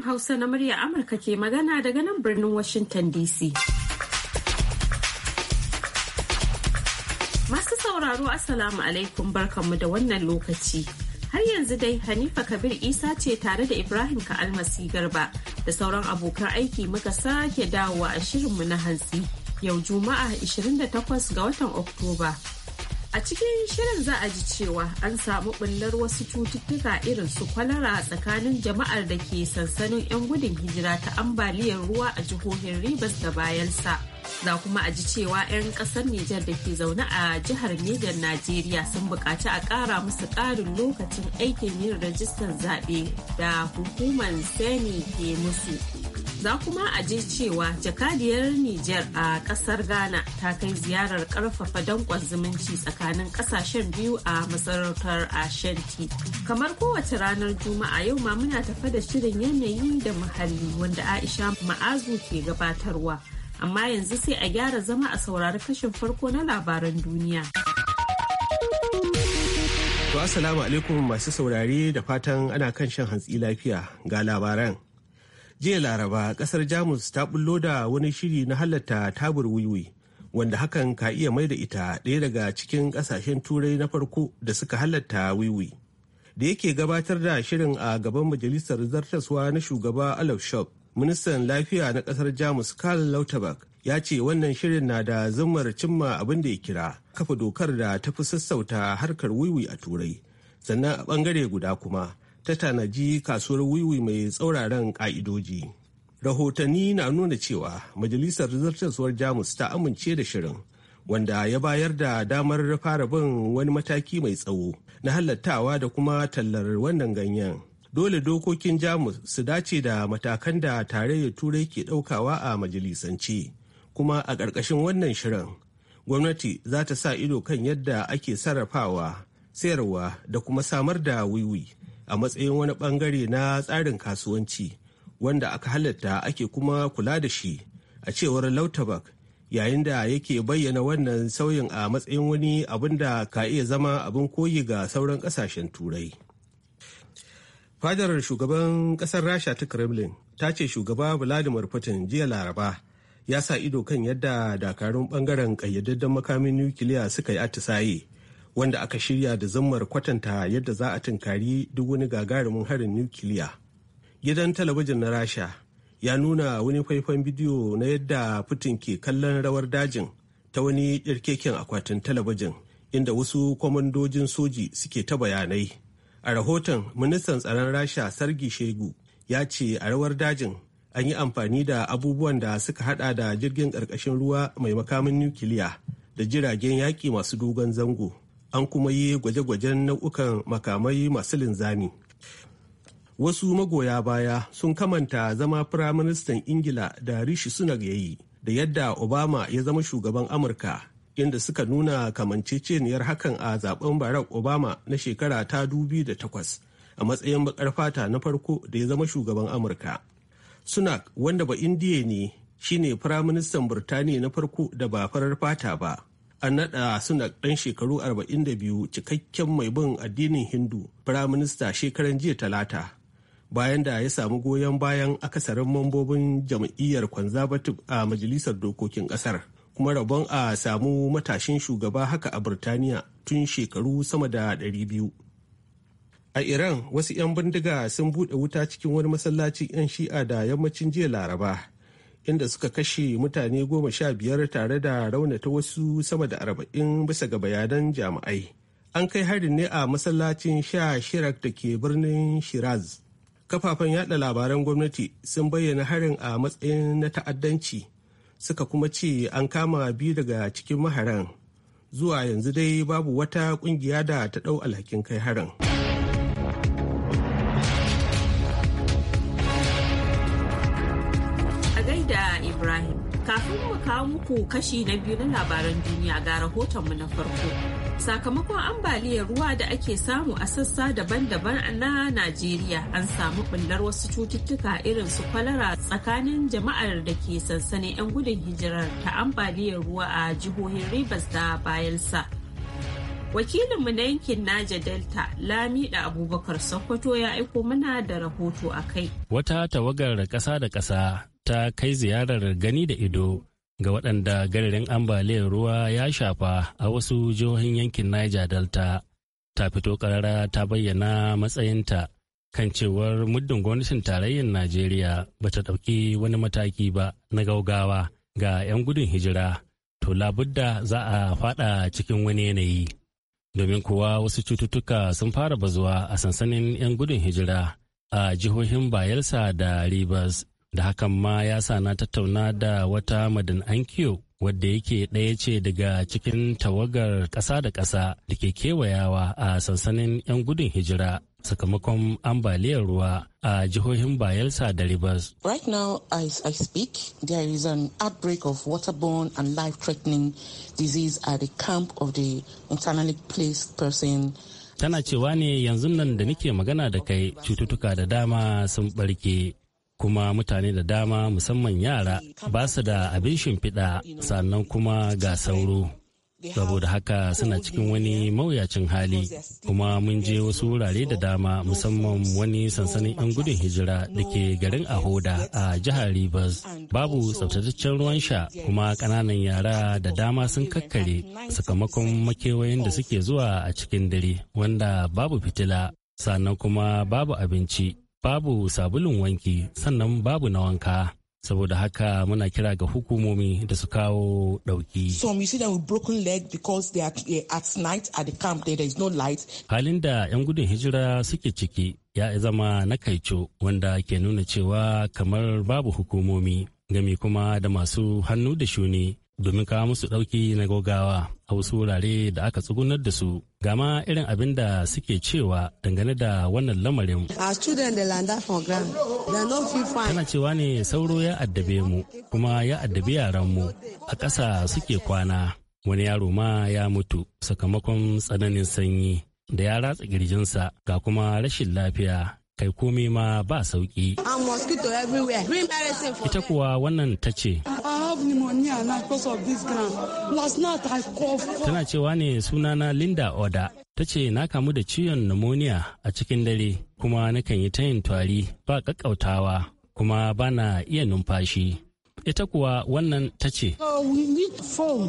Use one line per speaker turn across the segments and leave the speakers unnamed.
sashen Hausa na murya Amurka ke magana daga nan birnin Washington DC. Masu sauraro asalamu alaikum barkanmu da wannan lokaci. Har yanzu dai Hanifa Kabir Isa ce tare da Ibrahim Ka'almasi Garba da sauran abokan aiki muka sake dawowa a shirinmu na hantsi. Yau Juma'a 28 ga watan Oktoba A cikin shirin za a ji cewa an samu bullar wasu cututtuka irin su kwalara tsakanin jama'ar da ke sansanin 'yan gudun hijira ta ambaliyar ruwa a jihohin Ribas da Bayelsa. Za kuma a ji cewa 'yan ƙasar Nijar da ke zaune a jihar Nijar Najeriya sun buƙaci a ƙara musu ƙarin lokacin aikin yin rajistar zaɓe da hukumar Sani ke musu. Za kuma a ji cewa jakadiyar Nijar a ƙasar Ghana ta kai ziyarar ƙarfafa danƙon zumunci tsakanin ƙasashen biyu a masarautar Ashanti. Kamar kowace ranar Juma'a yau ma muna tafa da shirin yanayi da muhalli wanda Aisha Ma'azu ke gabatarwa. amma yanzu sai a gyara zama a saurari kashin farko na labaran duniya.
To Assalamu alaikum masu saurari da fatan ana kan shan hantsi lafiya ga labaran. Jiya Laraba kasar Jamus ta bullo da wani shiri na halatta tabur wiwi wanda hakan ka iya mai da ita ɗaya daga cikin ƙasashen turai na farko da suka halatta wiwi. Da yake gabatar da shirin a gaban majalisar zartaswa na shugaba Olaf Shop ministan lafiya na kasar jamus karl lauterbach ya ce wannan shirin na da zumar cimma abin da ya kira kafa dokar da ta fi sassauta harkar wiwi a turai sannan a bangare guda kuma ta tanaji kasuwar wiwi mai tsauraran ka'idoji rahotanni na nuna cewa majalisar zartaswar jamus ta amince da shirin wanda ya bayar da damar fara bin wani mataki mai tsawo na halattawa da kuma tallar wannan ganyen dole dokokin jamus su dace da matakan da tarayyar turai ke daukawa a majalisance kuma a ƙarƙashin wannan shirin gwamnati za ta sa ido kan yadda ake sarrafawa sayarwa da kuma samar da wiwi a matsayin wani bangare na tsarin kasuwanci wanda aka halatta ake kuma kula da shi a cewar lautabak yayin da yake bayyana wannan sauyin a matsayin wani abin da ka iya zama abin koyi ga sauran ƙasashen turai Fadar shugaban kasar Rasha ta Kremlin ta ce shugaba Vladimir Putin jiya Laraba ya sa ido kan yadda dakarun bangaren kayyadaddun makamin nukiliya suka yi atisaye wanda aka shirya da zammar kwatanta yadda za a tunkari duk wani gagarumin harin nukiliya. Gidan talabijin na Rasha ya nuna wani faifan bidiyo na yadda Putin ke kallon rawar dajin ta wani akwatin talabijin inda wasu kwamandojin soji suke ta bayanai. a rahoton ministan tsaron rasha sargi shegu ya ce a rawar dajin an yi amfani da abubuwan da suka hada da jirgin ƙarƙashin ruwa mai makamin nukiliya da jiragen yaƙi masu dogon zango an kuma yi gwaje-gwajen nau'ukan makamai masu linzami wasu magoya baya sun kamanta zama firaministan ingila da rishi sunak ya yi da yadda obama ya zama shugaban amurka da suka nuna kamanceceniyar hakan a zaben barack obama na shekara ta takwas a matsayin bakar fata na farko da ya zama shugaban amurka sunak wanda ba indiya ne shine firaministan burtaniya na farko da ba farar fata ba an naɗa sunak ɗan shekaru 42 cikakken mai bin addinin hindu firaminista shekaran jiya talata bayan da ya samu goyon bayan akasarin mambobin jam'iyyar conservative a majalisar dokokin ƙasar. kuma rabon a samu matashin shugaba haka a Birtaniya tun shekaru sama da 200. A Iran wasu 'yan bindiga sun buɗe wuta cikin wani masallacin 'yan shi'a da yammacin jiya Laraba inda suka kashe mutane goma sha biyar tare da raunata wasu sama da arba'in bisa ga bayanan jami'ai. An kai harin ne a masallacin sha shirak da ke birnin Shiraz. Kafafen yaɗa labaran gwamnati sun bayyana harin a matsayin na ta'addanci suka kuma ce an kama biyu daga cikin maharan zuwa yanzu dai babu wata kungiya da ta ɗau alhakin kai harin.
A gaida Ibrahim, kafin mu kawo muku kashi na biyu na labaran duniya ga rahotonmu na farko. sakamakon ambaliyar ruwa da ake samu a sassa daban-daban na najeriya an samu bullar wasu cututtuka irin su kwalara tsakanin jama'ar da ke sansanin 'yan gudun hijirar ta ambaliyar ruwa a jihohin rivers da bayelsa wakilinmu na yankin naja delta Lami da abubakar sokoto ya aiko mana da rahoto a kai
wata tawagar ƙasa da ƙasa ta kai ziyarar gani da ido ga waɗanda garirin ambaliyar ruwa ya shafa a wasu jihohin yankin Niger Delta. Ta fito karara ta bayyana matsayinta kan cewar muddin gwamnatin tarayyar Najeriya ba ta ɗauki wani mataki ba na gaugawa ga 'yan gudun hijira. To labudda za a fada cikin wani yanayi. Domin kuwa wasu cututtuka sun fara bazuwa a sansanin 'yan gudun hijira a jihohin Bayelsa da Rivers da hakan ma ya sa na tattauna da wata madan ankiyo wadda yake ɗaya ce daga cikin tawagar ƙasa da ƙasa da ke kewayawa a sansanin 'yan gudun hijira sakamakon ambaliyar ruwa a jihohin Bayelsa da Rivers.
Right now, as I speak, there is an outbreak of waterborne and life-threatening disease at the camp of the internally
placed person tana cewa ne yanzu nan da nake magana da kai cututtuka da dama sun barke kuma mutane da dama musamman yara ba su da abin shimfiɗa sannan kuma ga sauro saboda haka suna cikin wani mawuyacin hali kuma mun je wasu wurare da dama musamman wani sansanin 'yan gudun hijira da ke garin ahoda a jihar rivers babu tsaftataccen ruwan sha kuma ƙananan yara da dama sun kakkare sakamakon makewayin da suke zuwa a cikin dare wanda babu fitila sannan kuma babu abinci babu sabulun wanki sannan babu na wanka saboda haka muna kira ga hukumomi da su kawo dauki.
Some you see them with broken leg because they are at night at the camp there, is no light.
Halin da 'yan gudun hijira suke ciki ya zama na kaico wanda ke nuna cewa kamar babu hukumomi gami kuma da masu hannu da shuni domin kawo musu ɗauki na gogawa a wasu wurare da aka tsugunar da su gama irin abin da suke cewa dangane da wannan lamarin. Tana cewa ne sauro ya addabe mu kuma ya addabi mu. a ƙasa suke kwana wani yaro ma ya mutu sakamakon tsananin sanyi da ya ratsa girjinsa ga kuma rashin lafiya kai komai ma ba sauki. Ita kuwa wannan ta ce.
pneumonia na because of this ground. Last night I cough. Tana
cewa ne sunana Linda Oda. Ta ce na kamu da ciwon pneumonia a cikin dare kuma nakan yi ta yin tari ba kakkautawa kuma bana iya numfashi. Ita kuwa wannan ta ce.
Uh,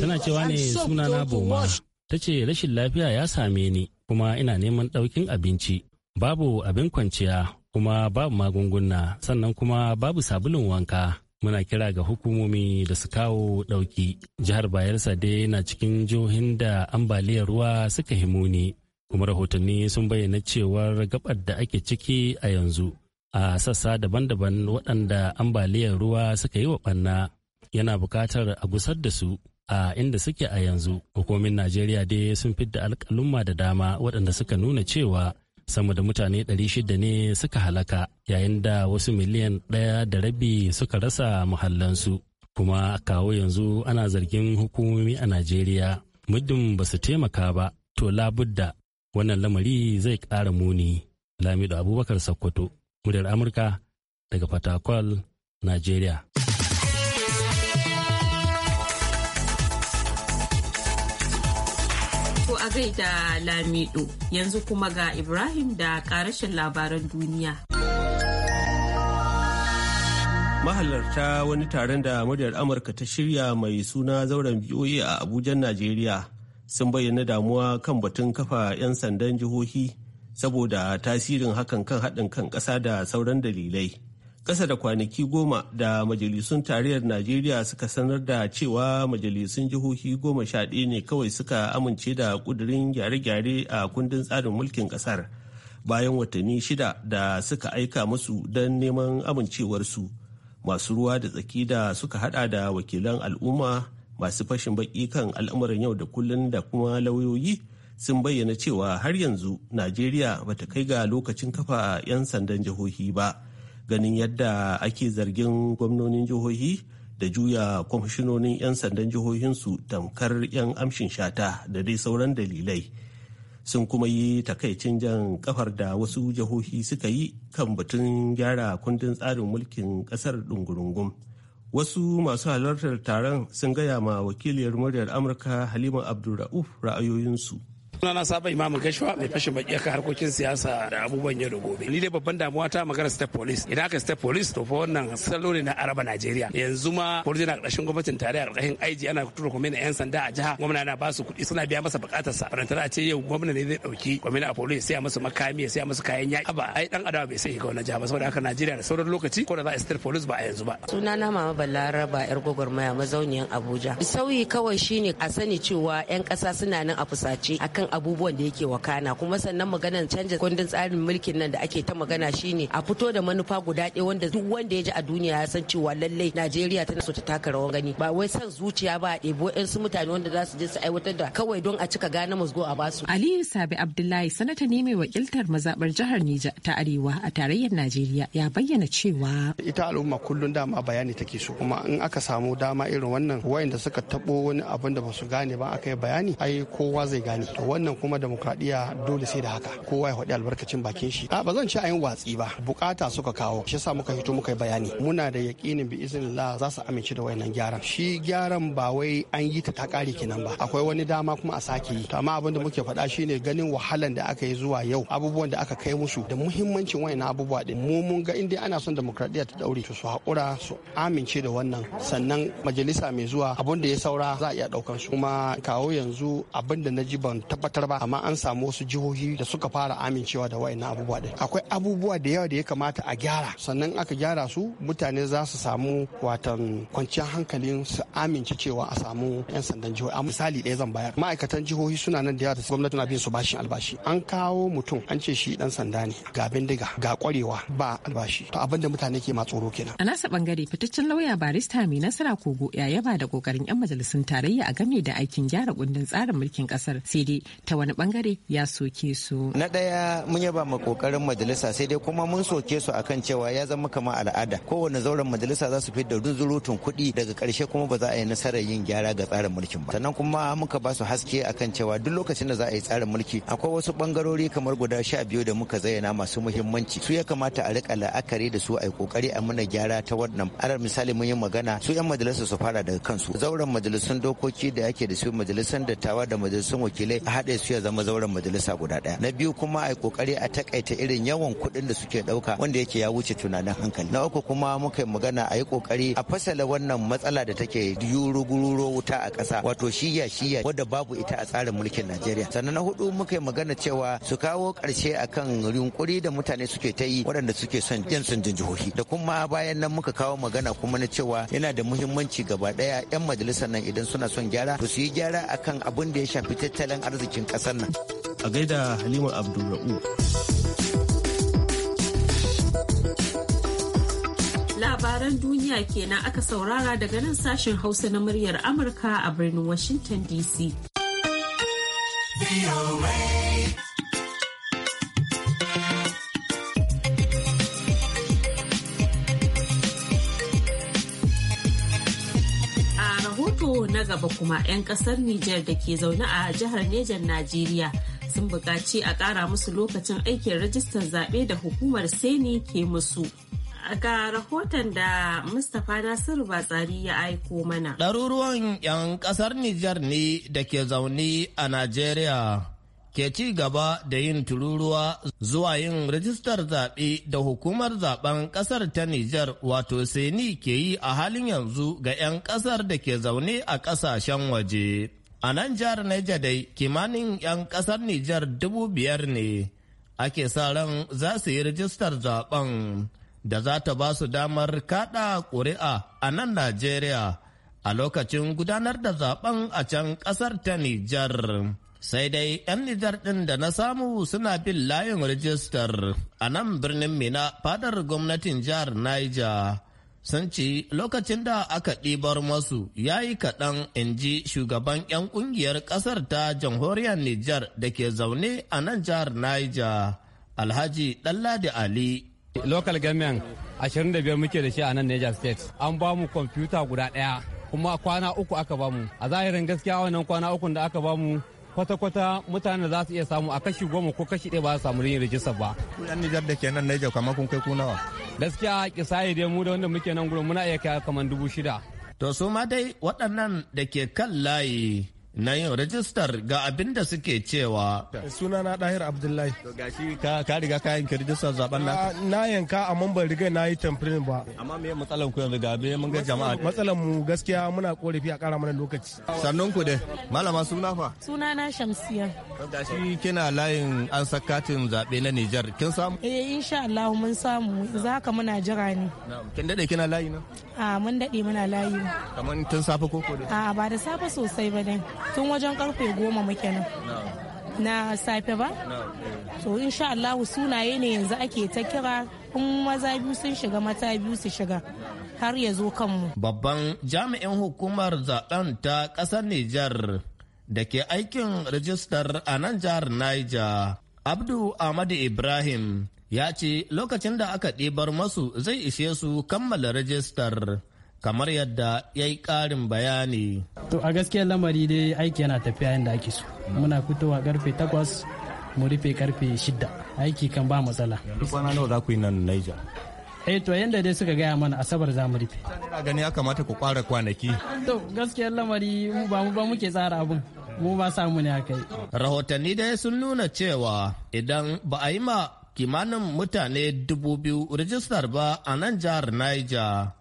Tana cewa ne sunana Boma.
Ta ce rashin lafiya ya same ni kuma ina neman ɗaukin abinci. Babu abin kwanciya kuma babu magunguna sannan kuma babu sabulun wanka muna kira ga hukumomi da su kawo ɗauki jihar bayelsa dai na cikin jihohin da ambaliyar ruwa suka himuni kuma rahotanni sun bayyana cewar gabar da ake ciki a yanzu a sassa daban-daban waɗanda ambaliyar ruwa suka yi wa ɓanna yana buƙatar a gusar da su a inda suke a yanzu hukumomin najeriya dai sun fidda alƙalumma da dama waɗanda suka nuna cewa sama da mutane 600 ne suka halaka yayin da wasu miliyan ɗaya da rabi suka rasa muhallansu kuma kawo yanzu ana zargin hukumomi a najeriya muddin ba su taimaka ba to labudda wannan lamari zai ƙara muni lamido abubakar Sokoto, muryar amurka daga fatakwal najeriya
a gaida Lamido. Yanzu kuma ga Ibrahim da karashin labaran duniya.
Mahalarta wani taron da muryar Amurka ta shirya mai suna zauren biyoyi a Abuja, Najeriya sun bayyana damuwa kan batun kafa 'yan sandan jihohi saboda tasirin hakan kan haɗin kan ƙasa da sauran dalilai. ƙasa da kwanaki goma da majalisun tarayyar najeriya suka sanar da cewa majalisun jihohi goma sha ɗaya ne kawai suka amince da ƙudurin gyare-gyare a kundin tsarin mulkin ƙasar bayan watanni shida da suka aika musu don neman amincewarsu masu ruwa da tsaki da suka hada da wakilan al'umma masu fashin baki kan al'amuran yau da kullun da kuma lauyoyi sun bayyana cewa har yanzu najeriya bata kai ga lokacin kafa 'yan sandan jihohi ba. ganin yadda ake zargin gwamnonin jihohi da juya kwamishinonin 'yan sandan jihohinsu tamkar 'yan amshin shata da dai sauran dalilai sun kuma yi takaicin jan kafar da wasu jihohi suka yi kan batun gyara kundin tsarin mulkin kasar dungurungun wasu masu halartar taron sun gaya ma wakiliyar muryar amurka halima abdulra'uf ra'ayoyinsu
sunana saba imamu gashuwa mai fashin baki ka harkokin siyasa da abubuwan yau da gobe ni dai babban damuwa ta magana state police idan aka state police to fa wannan salo ne na araba najeriya yanzu ma police na karshen gwamnatin tarayya alƙahin ig ana tura kwamina yan sanda a jiha gwamna na ba su kuɗi suna biya masa buƙatar sa barantana a ce yau gwamna ne zai ɗauki kwamina a police sai masa makami sai masa kayan yaki ba ai dan adawa bai sai ga wannan jiha ba saboda haka najeriya da sauran lokaci ko da za a state police ba a yanzu ba
sunana mama balaraba yar gwagwarmaya mazauniyan abuja sauyi kawai shine a sani cewa yan ƙasa suna nan a fusace akan abubuwan da yake wakana kuma sannan maganar canja kundin tsarin mulkin nan da ake ta magana shine a fito da manufa guda ɗaya wanda duk wanda ya ji a duniya ya san cewa lallai Najeriya tana so ta taka rawar gani ba wai san zuciya ba a ɗebo su mutane wanda za su je su aiwatar da kawai don a cika gane musgo a basu. Aliyu Sabi Abdullahi sanata ne mai wakiltar mazabar jihar Nija ta Arewa a tarayyar Najeriya ya bayyana cewa
ita al'umma kullum dama bayani take so kuma in aka samu dama irin wannan wayanda suka tabo wani abin da ba su gane ba aka yi bayani ai kowa zai gane to wannan kuma demokradiyya dole sai da haka kowa ya faɗi albarkacin bakin shi a ba zan ci ayin watsi ba bukata suka kawo shi yasa muka fito muka yi bayani muna da yakinin bi iznillah za su amince da wayannan gyaran shi gyaran ba wai an yi ta kare kenan ba akwai wani dama kuma a sake yi amma abin da muke faɗa shine ganin wahalan da aka yi zuwa yau abubuwan da aka kai musu da muhimmancin wayannan abubuwa din mu mun ga inda ana son demokradiyya ta daure su hakura su amince da wannan sannan majalisa mai zuwa abin da ya saura za a iya ɗaukan su kuma kawo yanzu abin da na ji ban tabbatar ba amma an samu wasu jihohi da suka fara amincewa da wayannan abubuwa din akwai abubuwa da yawa da ya kamata a gyara sannan aka gyara su mutane za su samu watan kwanciyar hankalin su amince cewa a samu yan sandan jihohi a misali ɗaya zan bayar ma'aikatan jihohi suna nan da yawa da gwamnati na bin su bashin albashi an kawo mutum an ce shi dan sanda ne ga bindiga ga kwarewa ba albashi to abinda mutane ke ma tsoro kenan
a nasa bangare fitaccen lauya barista mai nasara kogo ya yaba da kokarin yan majalisun tarayya a game da aikin gyara kundin tsarin mulkin kasar sai dai ta wani bangare ya soke su.
Na ɗaya mun yaba ma kokarin majalisa sai dai kuma mun soke su akan cewa ya zama kamar al'ada kowane zauren majalisa za su fi da zurutun kuɗi daga ƙarshe kuma ba za a yi nasarar yin gyara ga tsarin mulkin ba. Sannan kuma muka ba su haske akan cewa duk lokacin da za a yi tsarin mulki akwai wasu bangarori kamar guda sha biyu da muka zayyana masu muhimmanci su ya kamata a rika la'akari da su a yi kokari a mana gyara ta wannan alal misali mun yi magana su 'yan majalisa su fara daga kansu zauren majalisun dokoki da yake da su majalisun dattawa da majalisun wakilai haɗe su ya zama zauren majalisa guda ɗaya na biyu kuma a kokari a takaita irin yawan kuɗin da suke ɗauka wanda yake ya wuce tunanin hankali na uku kuma muka magana a yi kokari a fasala wannan matsala da take yurugururo wuta a ƙasa wato shiya shiya wadda babu ita a tsarin mulkin najeriya sannan na hudu muka magana cewa su kawo ƙarshe kan yunkuri da mutane suke ta yi waɗanda suke son yan sun jihohi da kuma bayan nan muka kawo magana kuma na cewa yana da muhimmanci gaba ɗaya yan majalisar nan idan suna son gyara to su yi gyara akan abin da ya shafi tattalin arziki arzikin ƙasar nan. A gaida Halima Abdulra'u.
Labaran duniya kenan aka saurara daga nan sashen Hausa na muryar Amurka a birnin Washington DC. na gaba kuma 'yan kasar Nijar da ke zaune a jihar Nejar Najeriya sun buƙaci a ƙara musu lokacin aikin rajistar zaɓe da hukumar Seni ke musu. ga rahoton da Mustapha Nasiru Batsari ya aiko mana.
Ɗaruruwan 'yan ƙasar Nijar ne da ke zaune a Najeriya ke ci gaba da yin tururuwa zuwa yin rajistar zaɓe da hukumar zaɓen ƙasar ta Nijar wato Seni ke yi a halin yanzu ga 'yan ƙasar da ke zaune a ƙasashen waje. A nan jihar Niger dai kimanin 'yan ƙasar Nijar dubu biyar ne ake sa ran za su yi rajistar zaɓen da za ta ba su damar kaɗa ƙuri'a a nan Najeriya a lokacin gudanar da zaɓen a can ƙasar ta Nijar. sai dai 'yan nijar ɗin da na samu suna bin layin rijistar a nan birnin mina fadar gwamnatin jihar niger sun ci lokacin da aka ɗibar masu ya yi kaɗan in ji shugaban 'yan ƙungiyar ƙasar ta jamhuriyar nijar da ke zaune a nan jihar niger alhaji
ɗanladi ali local government 25 muke da shi a nan niger state an ba mu kwamfuta guda ɗaya kuma kwana uku aka bamu a zahirin gaskiya wannan kwana uku da aka
bamu kwata-kwata mutane za su iya samu a kashi goma ko kashi ɗaya ba su samu yin rijistar ba.
Ku yan Nijar da ke nan Nijar kamar kun kai ku nawa? Gaskiya kisaye dai mu da wanda muke nan gurin muna iya kai kamar dubu shida. To su ma dai waɗannan da ke kan layi na yin rajistar ga abin da suke cewa.
Suna na Dahir Abdullahi. Gashi ka riga ka
yanka rajistar zaben na?
Na yanka amma ban riga na yi tamfirin ba.
Amma me matsalan ku yanzu ga me mun ga jama'a? Matsalan
mu gaskiya muna korafi a kara mana lokaci. Sannan ku dai malama suna fa?
Suna na Shamsiya.
Gashi kina layin an sakatin zaɓe na Nijar kin samu?
Eh insha Allah mun samu za ka muna jira ne.
Kin dade kina layi na?
A ah, mun dade muna layi.
Kamar tun safe ko ko dai?
A ah, ba da safe sosai ba dai. tun wajen karfe goma muke nan na safe ba so eh. insha Allah sunaye ne yanzu ake ta kira in maza biyu sun shiga mata biyu su shiga har ya zo kanmu
babban jami'in hukumar zaben ta kasar Nijar da ke aikin rajistar a nan jihar Niger Abdu Ahmadu Ibrahim ya ce lokacin da aka ɗibar masu zai ishe su kammala rajistar kamar yadda ya yi ƙarin bayani.
To a gaskiyar lamari dai aiki yana tafiya yadda ake so. Muna fitowa karfe takwas mu rufe karfe shida aiki kan ba matsala. Yanzu kwana nawa za ku yi nan Niger? eh to yanda dai suka gaya mana asabar za mu rufe ina gani
ya kamata ku kwara kwanaki
to gaskiyar lamari mu ba mu ba muke tsara abin mu ba samu ne aka yi
rahotanni dai sun nuna cewa idan ba a yi ma kimanin mutane dubu biyu rijistar ba a nan jihar niger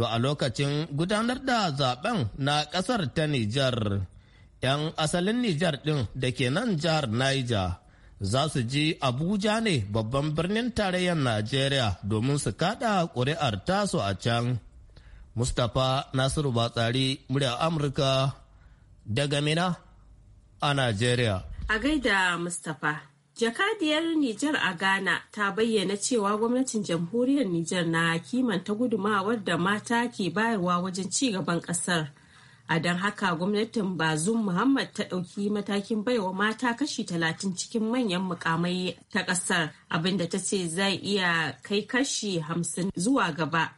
To a lokacin gudanar da zaben na ƙasar ta Nijar, 'yan asalin Nijar ɗin da ke nan jihar Niger za su ji Abuja ne babban birnin tarayyar Najeriya domin su kaɗa ƙuri'ar tasu a can. Mustapha Nasiru Batsari, murya Amurka daga Mina a Najeriya.
A gaida Mustapha. Jakadiyar Nijar a Ghana ta bayyana cewa gwamnatin jamhuriyar Nijar na kimanta gudumawar da mata ke bayarwa wajen ci gaban kasar. A don haka gwamnatin Bazum Muhammad ta ɗauki matakin baiwa mata kashi talatin cikin manyan mukamai ta ƙasar abinda ta ce zai iya kai kashi hamsin zuwa gaba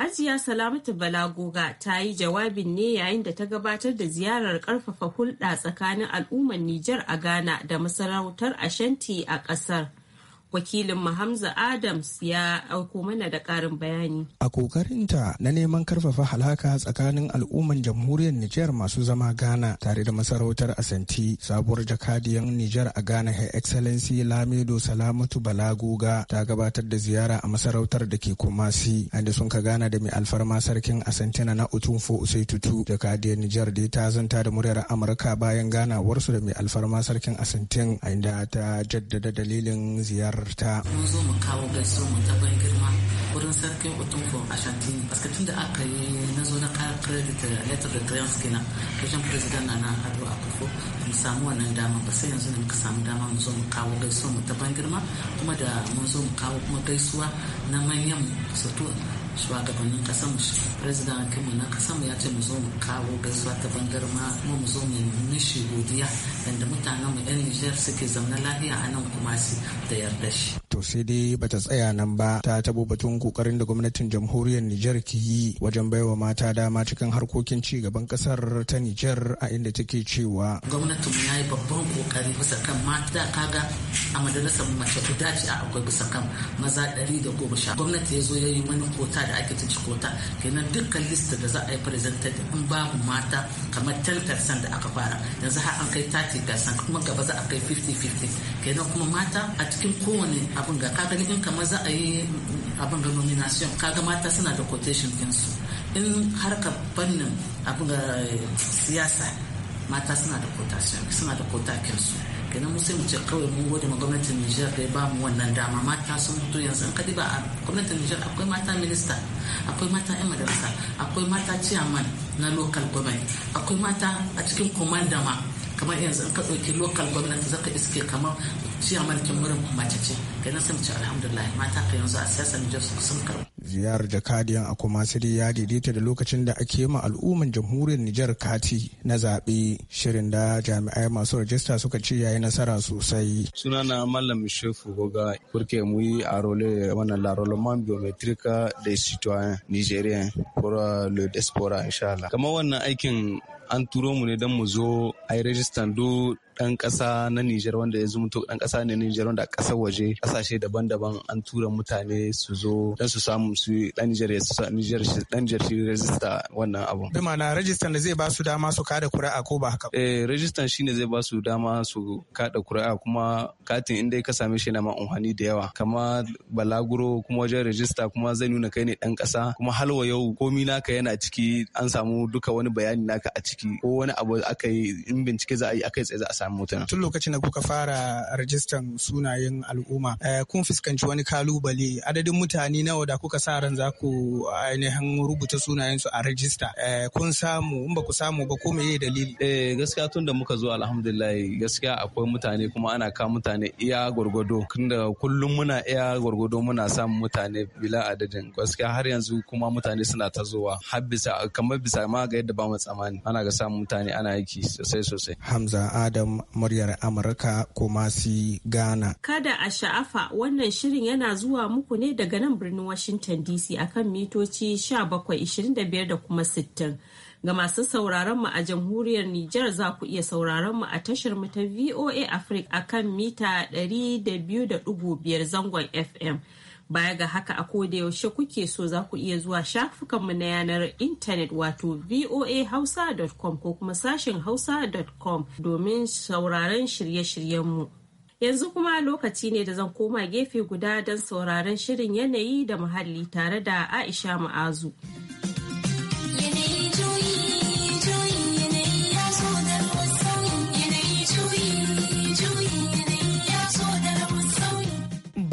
Hajiya Salamatu Balagoga ta yi jawabin ne yayin da ta gabatar da ziyarar karfafa hulɗa tsakanin al'ummar Nijar a Ghana da masarautar Ashanti a ƙasar. wakilin Hamza Adams ya auko mana da ƙarin bayani.
A kokarinta na neman karfafa halaka tsakanin al'umman jamhuriyar Nijar masu zama Ghana tare da masarautar Asanti sabuwar jakadiyan Nijar a Ghana Her Excellency Lamido Salamatu Balaguga ta gabatar da ziyara a masarautar da ke Kumasi inda sun ka gana da mai alfarma sarkin Asantina na Utunfo Usai Tutu jakadiyar Nijar da ta zanta da muryar Amurka bayan ganawarsu da mai alfarma sarkin Asantin a inda ta jaddada dalilin ziyarar ta.
Mun zo mu kawo gaisuwa mu ta ban girma wurin sarkin Otunko a Shantini. tun da aka yi na zo na kara credit letter da grants kenan wajen president na nan a Akufo mu samu wannan dama ba sai yanzu ne muka samu dama mu zo mu kawo gaisuwa mu ta ban girma kuma da mun zo mu kawo kuma gaisuwa na manyan mu shugabannin kasan mu president kanmu na kasan mu ya ce mu zo mu kawo gaisuwa ta bangar ma kuma mu zo mu nishi godiya yanda mutanen mu yan Nijar suke zaune lafiya a nan kuma su da yarda shi
to sai dai bata tsaya nan ba ta tabo batun kokarin da gwamnatin jamhuriyar Nijar ke yi wajen baiwa mata dama cikin harkokin ci gaban kasar ta Nijar a inda take cewa
gwamnatin mu yayi babban kokari bisa kan mata kaga a majalisar mace guda a akwai bisa kan maza 110 gwamnati ya zo ya yi wani kota da ake kota, kenan dukkan lista da za a yi da in babu mata kamar 10% da aka fara yanzu har an kai 30% kuma gaba za a kai 50-50 kenan kuma mata a cikin kowane abin ga kaga in kamar za a yi abin ga nomination kaga mata suna da quotation ɗinsu in harka fannin abin ga siyasa mata suna da quotation suna da quotation su kenan mu sai mu ce kawai mun gode ma gwamnatin Nijar da ya ba mu wannan dama mata sun mutu yanzu kadi ba a gwamnatin Nijar akwai mata minista akwai mata yan madarasa akwai mata chairman na local government akwai mata a cikin komanda ma kamar yanzu in ka dauki local government zaka iske kamar chairman kin murin mace ce kenan sai mu ce alhamdulillah mata ka yanzu a siyasar Nijar sun karɓi
ziyarar jakadiyan a kuma kumasiri ya daidaita da lokacin da ake ma al'umman jamhuriyar nijar kati na zaɓe shirin da jami'ai masu rajista suka ce yayi nasara sosai
Suna na Mallam shefu goga kurke mu yi a role wannan man biometric da situa nigerian pour euh, le diaspora insha kamar wannan aikin an turo mu ne don mu zo a yi rajistan do ɗan ƙasa na Nijar wanda ya zumunto ɗan ƙasa ne Nijar wanda a waje Kasashe daban-daban an tura mutane su zo don su samu su dan Nijar ya su Nijar dan Nijar shi rajista wannan abu. Bi
ma'ana rajistan da zai ba su dama su kada kuri'a ko ba haka?
Eh rajistan shine zai ba su dama su kada kuri'a kuma katin inda ka same shi na ma unhani da yawa kama balaguro kuma wajen rajista kuma zai nuna kai ne dan kasa kuma halwa yau komi naka yana ciki an samu duka wani bayani naka a ciki. ciki ko wani abu aka yi in bincike za a yi aka yi tsaye za a samu mutuna. Tun
lokacin da kuka fara rajistan sunayen al'umma eh, kun fuskanci wani kalubale adadin mutane nawa da kuka sa ran za ku ainihin rubuta sunayen su a
rajista eh, kun samu in ba ku samu ba ko meye dalili. Eh, gaskiya tun da muka zo alhamdulillah gaskiya akwai mutane kuma ana kawo mutane iya gwargwado da kullum muna iya gwargwado muna samun mutane bila adadin gaskiya har yanzu kuma mutane suna ta zuwa har bisa kamar bisa ma ga yadda ba mu tsammani ana ga samun mutane ana aiki sosai sosai. Hamza
Adam muryar Amurka kuma si Ghana.
Kada a sha'afa wannan shirin yana zuwa muku ne daga nan birnin Washington DC akan mitoci 1725 da kuma 60. Ga masu sauraron mu a jamhuriyar Nijar za ku iya sauraron mu a tashar mu ta VOA Africa akan mita 200.5 zangon FM. Baya ga haka a koda yaushe kuke so za ku iya zuwa shafukanmu na yanar intanet wato voahausa.com ko kuma sashin hausa.com domin sauraron shirye-shiryenmu. Yanzu kuma lokaci ne da zan koma gefe guda don sauraron shirin yanayi da muhalli tare da Aisha Ma'azu.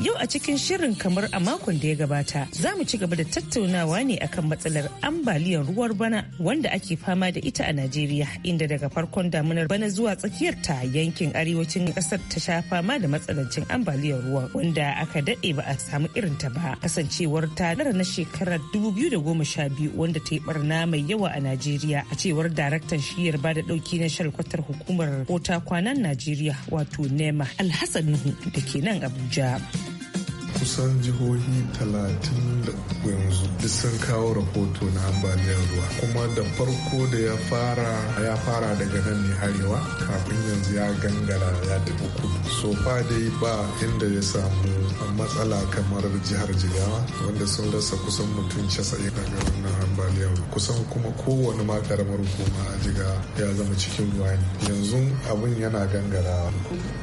Yau a cikin shirin kamar a makon da ya gabata za mu ci gaba da tattaunawa ne akan matsalar ambaliyar ruwar bana wanda ake fama da ita a Najeriya inda daga farkon damunar bana zuwa tsakiyar ta yankin arewacin kasar ta sha fama da matsalancin ambaliyar ruwa wanda aka daɗe ba a samu irin ta ba kasancewar ta dara na shekarar biyu wanda ta yi barna mai yawa a Najeriya a cewar daraktan shiyar ba da ɗauki na shalkwatar hukumar kota kwanan Najeriya wato NEMA Alhassan Nuhu da ke nan Abuja.
kusan jihohi 30 yanzu duk sun kawo rahoto na ambaliyar ruwa kuma da farko da ya fara ya fara daga nan ne arewa kafin yanzu ya gangara ya tafi kudu so fa dai ba inda ya samu matsala kamar jihar jigawa wanda sun rasa kusan mutum 90 daga wannan ambaliyar ruwa. kusan kuma kowane ma karamar hukuma a jiga ya zama cikin ruwa ne yanzu abin yana gangara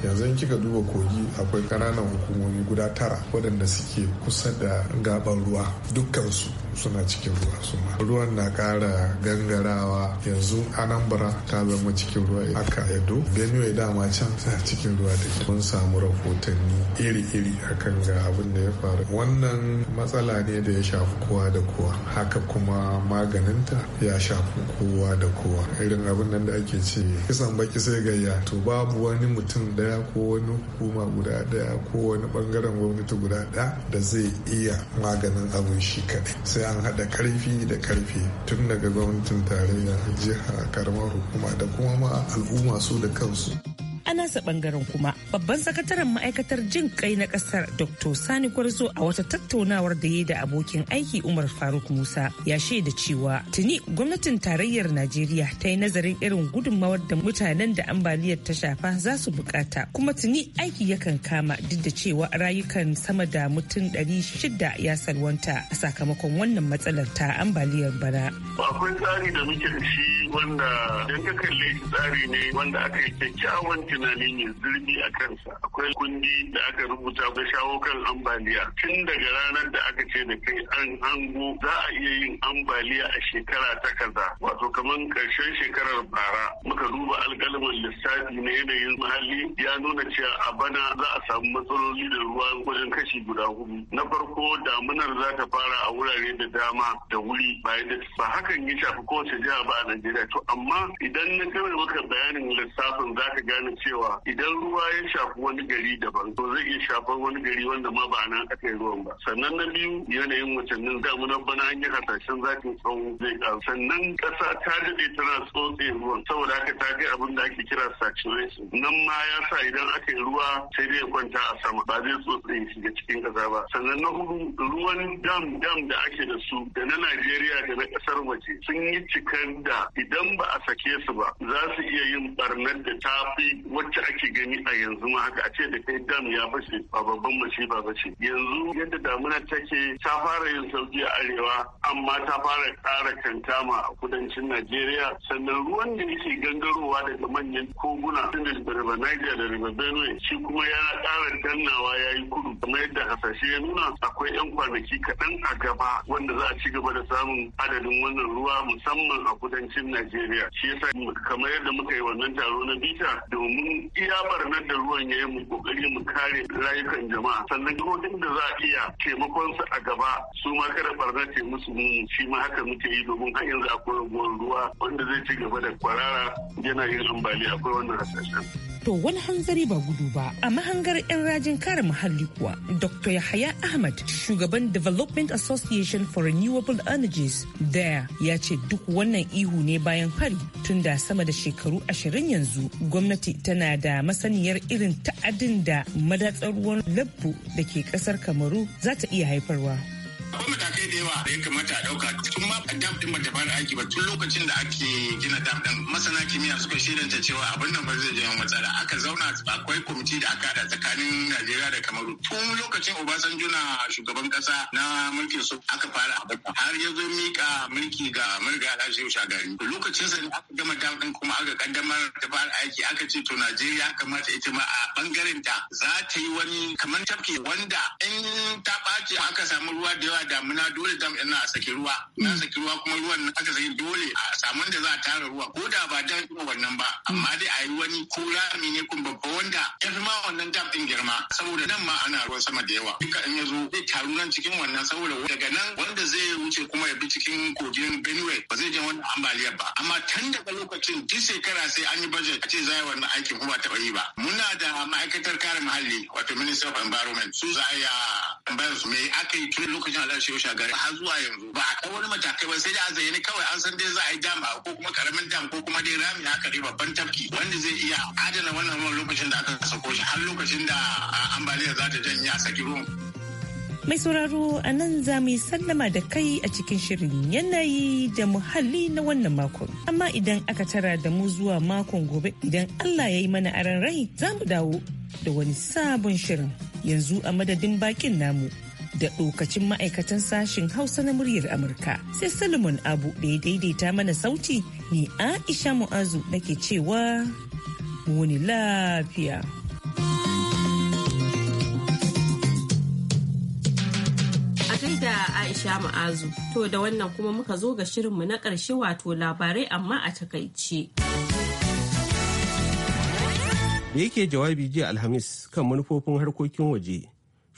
yanzu kika duba kogi akwai ƙananan hukumomi guda tara waɗanda suke kusa da gaban ruwa dukkansu suna cikin ruwa suma ruwan na kara gangarawa yanzu anambra ta zama cikin ruwa aka edo benue dama can ta cikin ruwa da mun samu rahotanni iri-iri akan ga abin da ya faru wannan matsala ne da ya shafi kowa da kowa haka kuma maganinta ya shafi kowa da kowa irin abin nan da ake ce kisan baki sai gayya to babu wani mutum daya ko wani hukuma guda daya ko wani bangaren gwamnati guda guda da zai iya maganin abin shi kaɗai sai an haɗa karfi da karfi tun daga gwamnatin tarayya jiha karamar hukuma da kuma ma al'umma su da kansu
a nasa bangaren kuma babban sakataren ma'aikatar jin kai na kasar dr sani Kwarzo a wata tattaunawar da ya da abokin aiki umar faruk musa ya shaida cewa tuni gwamnatin tarayyar najeriya ta yi nazarin irin gudummawar da mutanen da ambaliyar ta shafa za su bukata kuma tuni aiki yakan kama duk da cewa rayukan sama da mutum ɗari shida ya salwanta a sakamakon wannan matsalar ta ambaliyar bana akwai tsari da muke da shi wanda idan ka tsari ne wanda aka yi kyakkyawan tunani ne zirgi a kansa akwai kundi da aka rubuta ga shawo kan ambaliya tun daga ranar da aka ce da
kai an hango za a iya yin ambaliya a shekara ta kaza wato kamar karshen shekarar bara muka duba alkalaman lissafi na yanayin muhalli ya nuna cewa a bana za a samu matsaloli da ruwa wajen kashi guda hudu na farko damunar za ta fara a wurare da dama da wuri bayan da ba hakan ya shafi kowace jiha ba a najeriya to amma idan na kawai maka bayanin lissafin za ka gane cewa cewa idan ruwa ya shafi wani gari daban to zai iya shafar wani gari wanda ma ba nan aka yi ruwan ba sannan na biyu yanayin watannin damunan bana an yi hasashen zafin tsawo zai karu sannan kasa ta daɗe tana tsotse ruwan saboda haka ta kai abin da ake kira saturation nan ma ya sa idan aka yi ruwa sai zai kwanta a sama ba zai tsotse shiga cikin ƙasa ba sannan na hudu ruwan dam dam da ake da su da na Najeriya da na ƙasar waje sun yi cikar da idan ba a sake su ba za su iya yin barnar da ta wacce ake gani a yanzu ma haka a ce da kai dam ya fashe ba babban masifa ba ce yanzu yadda damuna take ta fara yin sauki a arewa amma ta fara ƙara kantama a kudancin najeriya sannan ruwan da yake gangarowa daga manyan koguna da river niger da river benue shi kuma ya ƙara dannawa ya yi kudu kamar yadda hasashe ya nuna akwai 'yan kwanaki kaɗan a gaba wanda za a ci gaba da samun adadin wannan ruwa musamman a kudancin najeriya shi yasa kamar yadda muka yi wannan taro na bita domin iya barnar da ruwan ya yi mu kokari mu kare rayukan jama'a sannan jihohin da za a iya taimakon su a gaba su ma kada barna ce musu mu shi ma haka muke yi domin har yanzu akwai ruwan ruwa wanda zai ci gaba da kwarara yana yin ambaliya akwai wannan hasashen.
to wani hanzari ba gudu ba a mahangar 'yan rajin kare muhalli kuwa dr yahaya ahmad shugaban development association for renewable energies daya ya ce duk wannan ihu ne bayan hari tun da sama da shekaru ashirin yanzu gwamnati tana da masaniyar irin ta'adin da madatsar ruwan labbu da ke kasar kamaru za ta iya haifarwa
akwai a dam din ba ta fara aiki ba tun lokacin da ake gina dam din masana kimiyya suka shirinta cewa abin nan ba zai janyo matsala aka zauna akwai kwamiti da aka hada tsakanin Najeriya da Kamaru tun lokacin Obasanjo na shugaban kasa na mulkin su aka fara har ya zo mika mulki ga mulga Alhaji Shagari lokacin sa aka gama dam din kuma aka kaddamar ta fara aiki aka ce to Najeriya kamata ita ma a bangaren ta za ta yi wani kamar tafki wanda in ta ɓaci aka samu ruwa da yawa damuna dole dam din na saki ruwa na saki ruwa ruwa kuma ruwan nan aka sayi dole a samu da za a tara ruwa ko da ba dan wannan ba amma dai a yi wani ko rami ne kun babba wanda ya fi ma wannan dam din girma saboda nan ma ana ruwan sama da yawa duka in ya zo zai taru nan cikin wannan saboda daga nan wanda zai wuce kuma ya bi cikin kogin Benue ba zai je wani ambaliyar ba amma tun daga lokacin duk shekara sai an yi budget a ce za a yi wannan aikin kuma taɓa yi ba muna da ma'aikatar kare muhalli wato Minister of Environment su za a yi su me aka yi tun lokacin alashe shagari har zuwa yanzu ba a kai wani matakai ba kawai sai dai a zayyane kawai an san dai za a yi dam ko kuma karamin dam ko kuma dai rami haka dai babban tafki wanda zai iya adana wannan ruwan lokacin da aka sako shi har lokacin da ambaliyar za ta janye a saki ruwan.
Mai sauraro a nan za mu yi sallama da kai a cikin shirin yanayi da muhalli na wannan makon. Amma idan aka tara da mu zuwa makon gobe idan Allah ya yi mana aran rai za mu dawo da wani sabon shirin yanzu a madadin bakin namu. da ɗokacin ma'aikatan sashen Hausa na muryar Amurka. Sai Solomon Abu da ya daidaita mana sauti ni Aisha Mu'azu nake cewa wani
lafiya. da Aisha Ma'azu. To da wannan kuma muka zo ga shirinmu na ƙarshe wato labarai amma a takaice.
Da yake jawabi jiya Alhamis kan manufofin harkokin waje.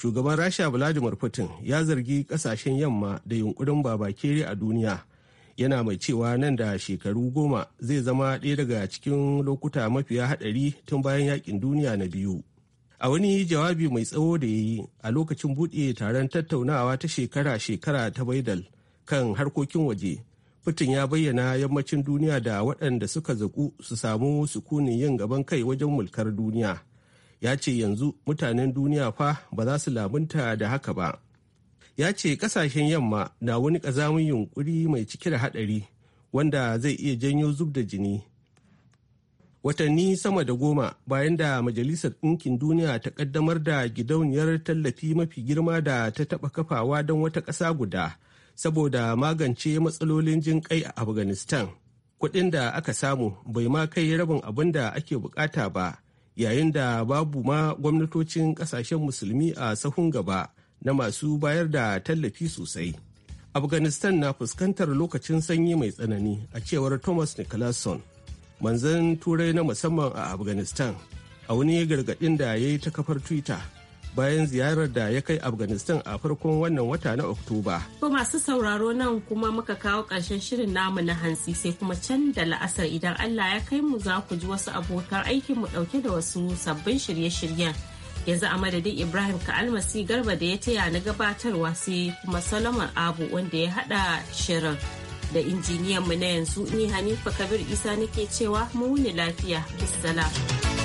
shugaban rasha vladimir putin ya zargi kasashen yamma da yunkurin babakere a duniya yana mai cewa nan da shekaru goma zai zama ɗaya daga cikin lokuta mafiya haɗari tun bayan yakin duniya na biyu a wani jawabi mai tsawo da ya yi a lokacin buɗe taron tattaunawa ta shekara-shekara ta baidal kan harkokin waje putin ya bayyana yammacin duniya da waɗanda suka zaku su samu sukunin yin gaban kai wajen mulkar duniya ya ce yanzu mutanen duniya fa ba za su lamunta da haka ba ya ce kasashen yamma na wani ƙazamin yunkuri mai cike da haɗari wanda zai iya janyo zub da jini watanni sama da goma bayan da majalisar ɗinkin duniya ta ƙaddamar da gidauniyar tallafi mafi girma da ta taɓa kafawa don wata ƙasa guda saboda magance matsalolin jin a afghanistan kuɗin da aka samu bai ma kai rabin abin da ake bukata ba yayin da babu ma gwamnatocin kasashen musulmi a sahun gaba na masu bayar da tallafi sosai. Afghanistan na fuskantar lokacin sanyi mai tsanani a cewar Thomas Nicholson, manzan turai na musamman a Afghanistan, a wani gargadin da ya yi ta kafar Twitter. bayan ziyarar da ya kai afghanistan a farkon wannan wata na oktoba
ko masu sauraro nan kuma muka kawo ƙarshen shirin namu na hantsi sai kuma can da la'asar idan allah ya kai mu za ku ji wasu abokan aikin mu ɗauke da wasu sabbin shirye-shiryen yanzu a madadin ibrahim ka almasi garba da ya taya na gabatarwa sai kuma solomon abu wanda ya haɗa shirin da injiniyan mu na yanzu ni hanifa kabir isa nake cewa mu wuni lafiya bisalam